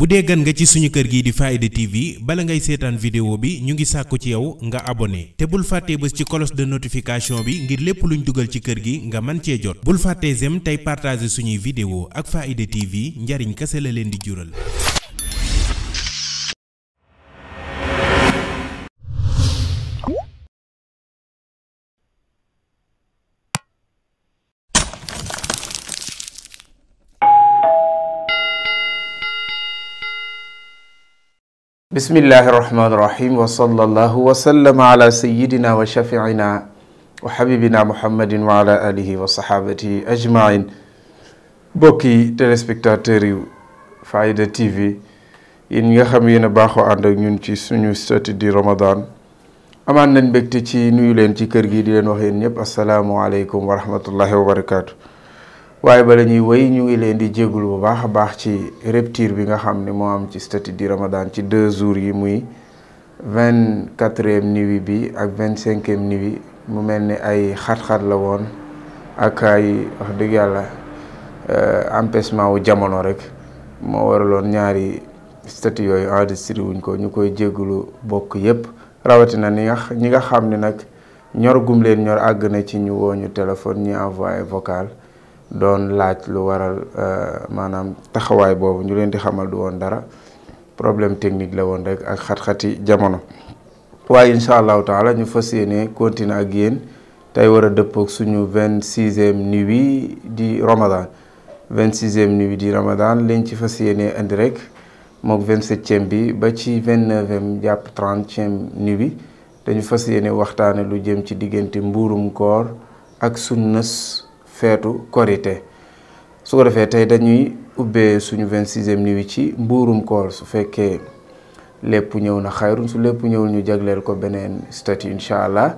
bu dee gan nga ci suñu kër gii di Faaida TV bala ngay seetaan vidéo bi ñu ngi sàkku ci yow nga abonné te bul fàttee bés ci cloche de notification bi ngir lépp luñ dugal ci kër gi nga mën cee jot bul fàttee j'aime tey partager suñuy vidéo ak Faaida TV njariñ kase la leen di jural bismillahi irrahmani irrahim wasala allahu wasallama ala sayidina wa shafiina wa xabibina muhammadin wa ala alihi wa sahabatihi ajmain bokki téléspectateurs yu Faaida TV yéen ñi nga xam yéen a baaxoo ànd ak ñun ci suñu soti di ramadan amaan nañ mbégte ci nuyu leen ci kër gi di leen wax yéen ñëpp asalaamualeykum wa rahmatullahi wa barakaatu waaye bala ñuy wéy ñu ngi leen di jégalu bu baax a baax ci rupture bi nga xam ni moo am ci statut di Ramadan ci deux jours yi muy vingt quatrième nuit bi ak vingt cinquième nuit mu mel ni ay xat-xat la woon ak ay wax dëgg yàlla euh, empêchement wu jamono rek moo waraloon ñaari statut yooyu enregistré wuñ ko ñu koy jégalu bokk yépp rawatina ni nga ñi nga xam ni nag ñor gum leen ñor àgg na ci ñu woo ñu téléphone ñu envoyé vocal. doon laaj lu waral euh, maanaam taxawaay boobu ñu leen di xamal du woon dara problème technique la woon rek ak xat-xati jamono waaye incha allahu taala ñu fas yéene continuer ak yéen tey war a dëppook suñu vingt sixième nuit di Ramadan vingt sixième nuit di Ramadan leen ci fas yéene indi rek mook vingt septième bi ba ci vingt neuvième jàpp trentième nuit bi dañu fas yéene waxtaanee lu jëm ci diggante mburum koor ak sunnas feetu korité su ko defee tey dañuy ubbee suñu vingt-sixième nuit wi ci mbuurum koor su fekkee lépp ñëw na xayrun su lépp ñëwul ñu jagleel ko beneen statut incha allah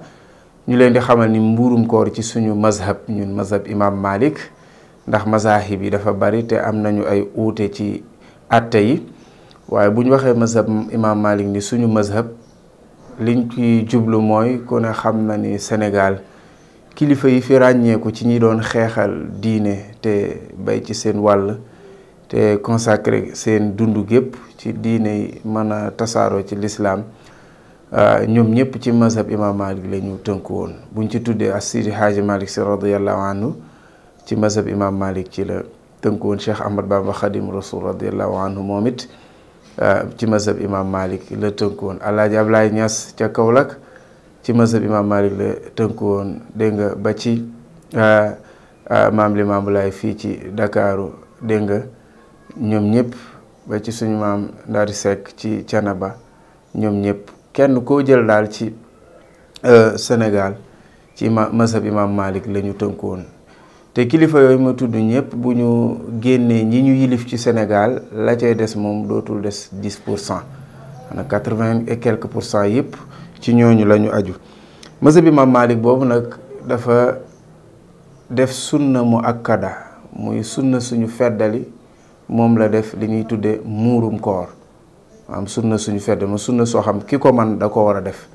ñu leen di xamal ni mbuurum koor ci suñu mazhab ñun mazhab imam malik ndax mazahib yi dafa bari te am nañu ay uute ci atte yi waaye bu ñu waxee mazhab imam malik ni suñu mazhab liñ ci jublu mooy ku ne xam na ni Sénégal kilifa yi fi ràññeeku ci ñi doon xeexal diine te bay ci seen wàll te consacré seen dund gépp ci diine yi mën a tasaaroo ci lislaam euh, ñoom ñëpp ci mazhab imam malik la ñu tënku woon buñ ci tuddee as sidi haaji malik si radiallahu anhu ci mazhab imam malik ci la tënku woon cheikh ahmad bamba xadim rasul radiallahu anhu moom it euh, ci mazhab imam malik la tënku woon alaaji ablaay ñas ca Kaolack ci bi imam Malik la tënku woon dégg ba ci maam li maamu laay fii ci ndakaaru dégg nga ñoom ñëpp ba ci suñu maam Ndari Seck ci Canaba ñoom ñëpp kenn koo jël daal ci senegal ci ma mazhab imam Malik la ñu tënku woon te kilifa yooyu ma tudd ñëpp bu ñu génnee ñi ñu yilif ci Sénégal la cay des moom dootul des dix pour cent xanaa quatre-vingt et quelques pour yëpp. ci ñooñu la ñu aju mazhab bi ma Maalik boobu nag dafa def sunna mu akkada muy sunna suñu feddali moom la def li ñuy tudde muurum koor am sunna suñu feddali ma sunna soo xam ki ko man da ko war a def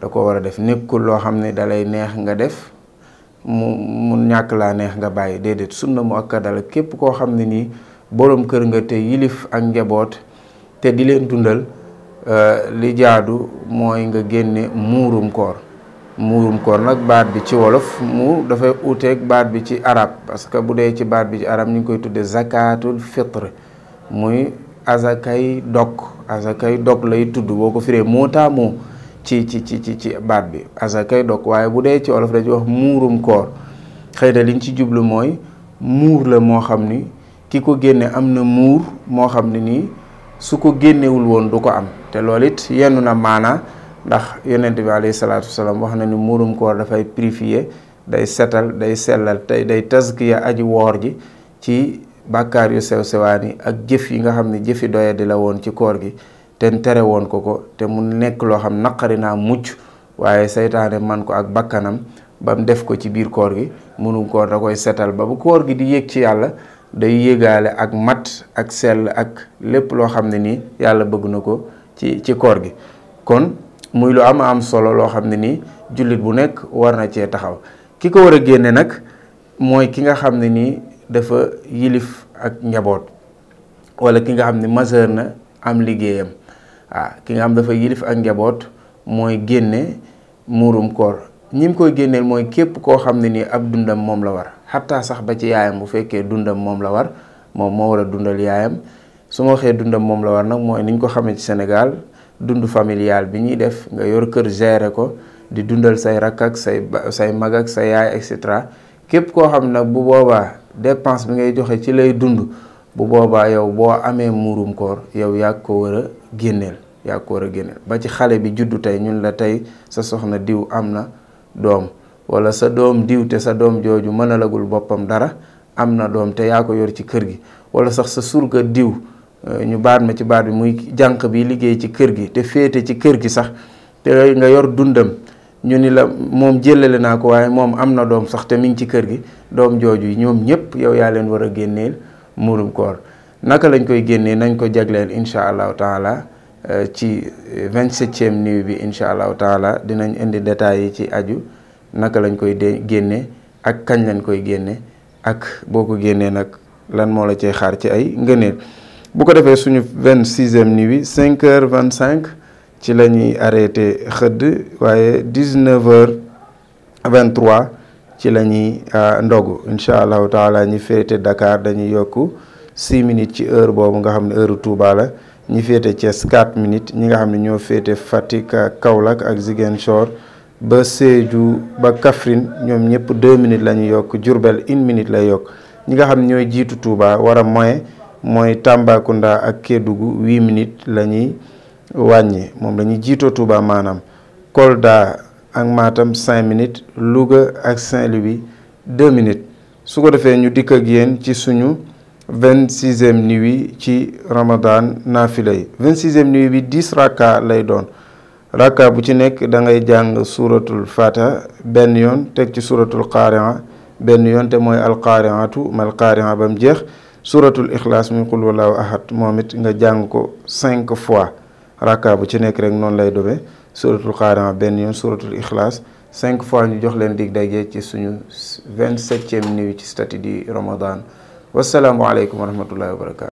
da ko war a def nekkul loo xam ne dalay neex nga def mu mu ñàkk laa neex nga bàyyi déedéet sunna mu akkada la képp koo xam ne nii boroom kër nga te yilif ak njaboot te di leen dundal Euh, li jaadu mooy nga génne muurum koor muurum koor nag baat bi ci wolof muur dafay uuteeg baat bi ci arab parce que bu dee ci baat bi ci arab ñu ngi koy tudde zakatul fitre muy azakay dog azakay dog lay tudd boo ko firee moo taamu ci ci ci ci ci baat bi azakay dog waaye bu dee ci olof dañuy wax muurum koor xëy na liñ ci jublu mooy muur la moo xam ni ki ko génne am na muur moo xam ne nii su ko génnewul woon du ko am te loolu it yenn na maanaa ndax yonent bi alayhi salaatu wasalaam wax na ni muurum koor dafay purifier day setal day sellal tey day taskiya aji woor ji ci bàkkaar yu sew sewaan yi ak jëf yi nga xam ni jëfi doya di la woon ci koor gi te tere woon ko ko te mu nekk loo xam naqari naa mucc waaye seytaane man ko ak bakkanam ba def ko ci biir koor gi muurum koor da koy setal ba bu koor gi di yéeg ci yàlla day yégaale ak mat ak sell ak lépp loo xam ne nii yàlla bëgg na ko ci ci koor gi kon muy lu am am solo loo xam ne ni jullit bu nekk war na cee taxaw ki ko war a génne nag mooy ki nga xam ne nii dafa yilif ak njaboot wala ki nga xam ne majeur na am liggéeyam waaw ah, ki nga xam dafa yilif ak njaboot mooy génne muurum koor ñi koy génneel mooy képp koo xam ne ni ab dundam moom la war xataa sax ba ci yaayam bu fekkee dundam moom la war moom moo war a dundal yaayam su ma waxee dundam moom la war nag mooy ni ñu ko xamee ci senegal dund familial bi ñuy def nga yor kër gere ko di dundal say rakk ak say mag ak sa yaay et cetera képp koo xam nag bu boobaa dépense bi ngay joxe ci lay dund bu boobaa yow boo amee muurum koor yow yaa ko war a génneel yaa ko war a génneel ba ci xale bi juddu tey ñun la tey sa soxna diw am na doom wala sa doom diw te sa doom jooju mën a boppam dara am na doom te yaa ko yor ci kër gi wala sax sa surga diw euh, ñu baat ma ci baat bi muy jànq bi liggéey ci kër gi te féete ci kër gi sax te nga yor dundam ñu ni la moom jëlale naa ko waaye moom am na doom sax te mi ngi ci kër gi doom jooju ñoom ñëpp yow yaa leen war a génneel muurum koor naka lañ koy génnee nañ ko jagleel incha allahu taala euh, ci vingt-septième nuit bi incha allahu taala dinañ indi détails yi ci aju naka lañ koy de génne ak kañ lañ koy génne ak boo ko génnee nag lan moo la cay xaar ci ay ngëneel bu ko defee suñu vingt sixième nuit cinq vingt cinq ci la ñuy arrêté xëdd waaye dix neuf heures vingt trois ci la ñuy euh, ndogu incha allahu taala ñi féete Dakar dañuy yokk six minutes ci heure boobu nga xam ne heure Touba la ñi féete Thiès quatre minutes ñi nga xam ne ñoo féete Fatick Kaolack ak Ziguinchor. ba Sédhiou ba Kaffrine ñoom ñëpp deux minutes la ñu yokk jurbel une minute lay yokk ñi nga xam ñooy jiitu Touba war a moyen mooy Tambacounda ak Kédougou huit minutes la ñuy wàññi moom la ñuy jiitoo Touba maanaam Kolda ak Matam cinq minutes Louga ak Saint-Louis deux minutes su ko defee ñu dikk ak yéen ci suñu vingt sixième nuit ci Ramadan naafila yi vingt sixième nuit bi dix raka lay doon. rakka bu ci nekk da ngay jàng suuratul fatiha benn yoon teg ci suuratul qaari'a benn yoon te mooy alqaari'atu mal qaari'a ba mu jeex suuratul ixlaas muy qul wallahu ahad moom it nga jàng ko cinq fois rakka bu ci nekk rek noonu lay dobe suuratul qaari'a benn yoon suuratul ixlaas cinq fois ñu jox leen dig daje ci suñu vingt-septième nuit ci statut di Ramadan wasalaamualeykum wa rahmatullahi wa barakaatu.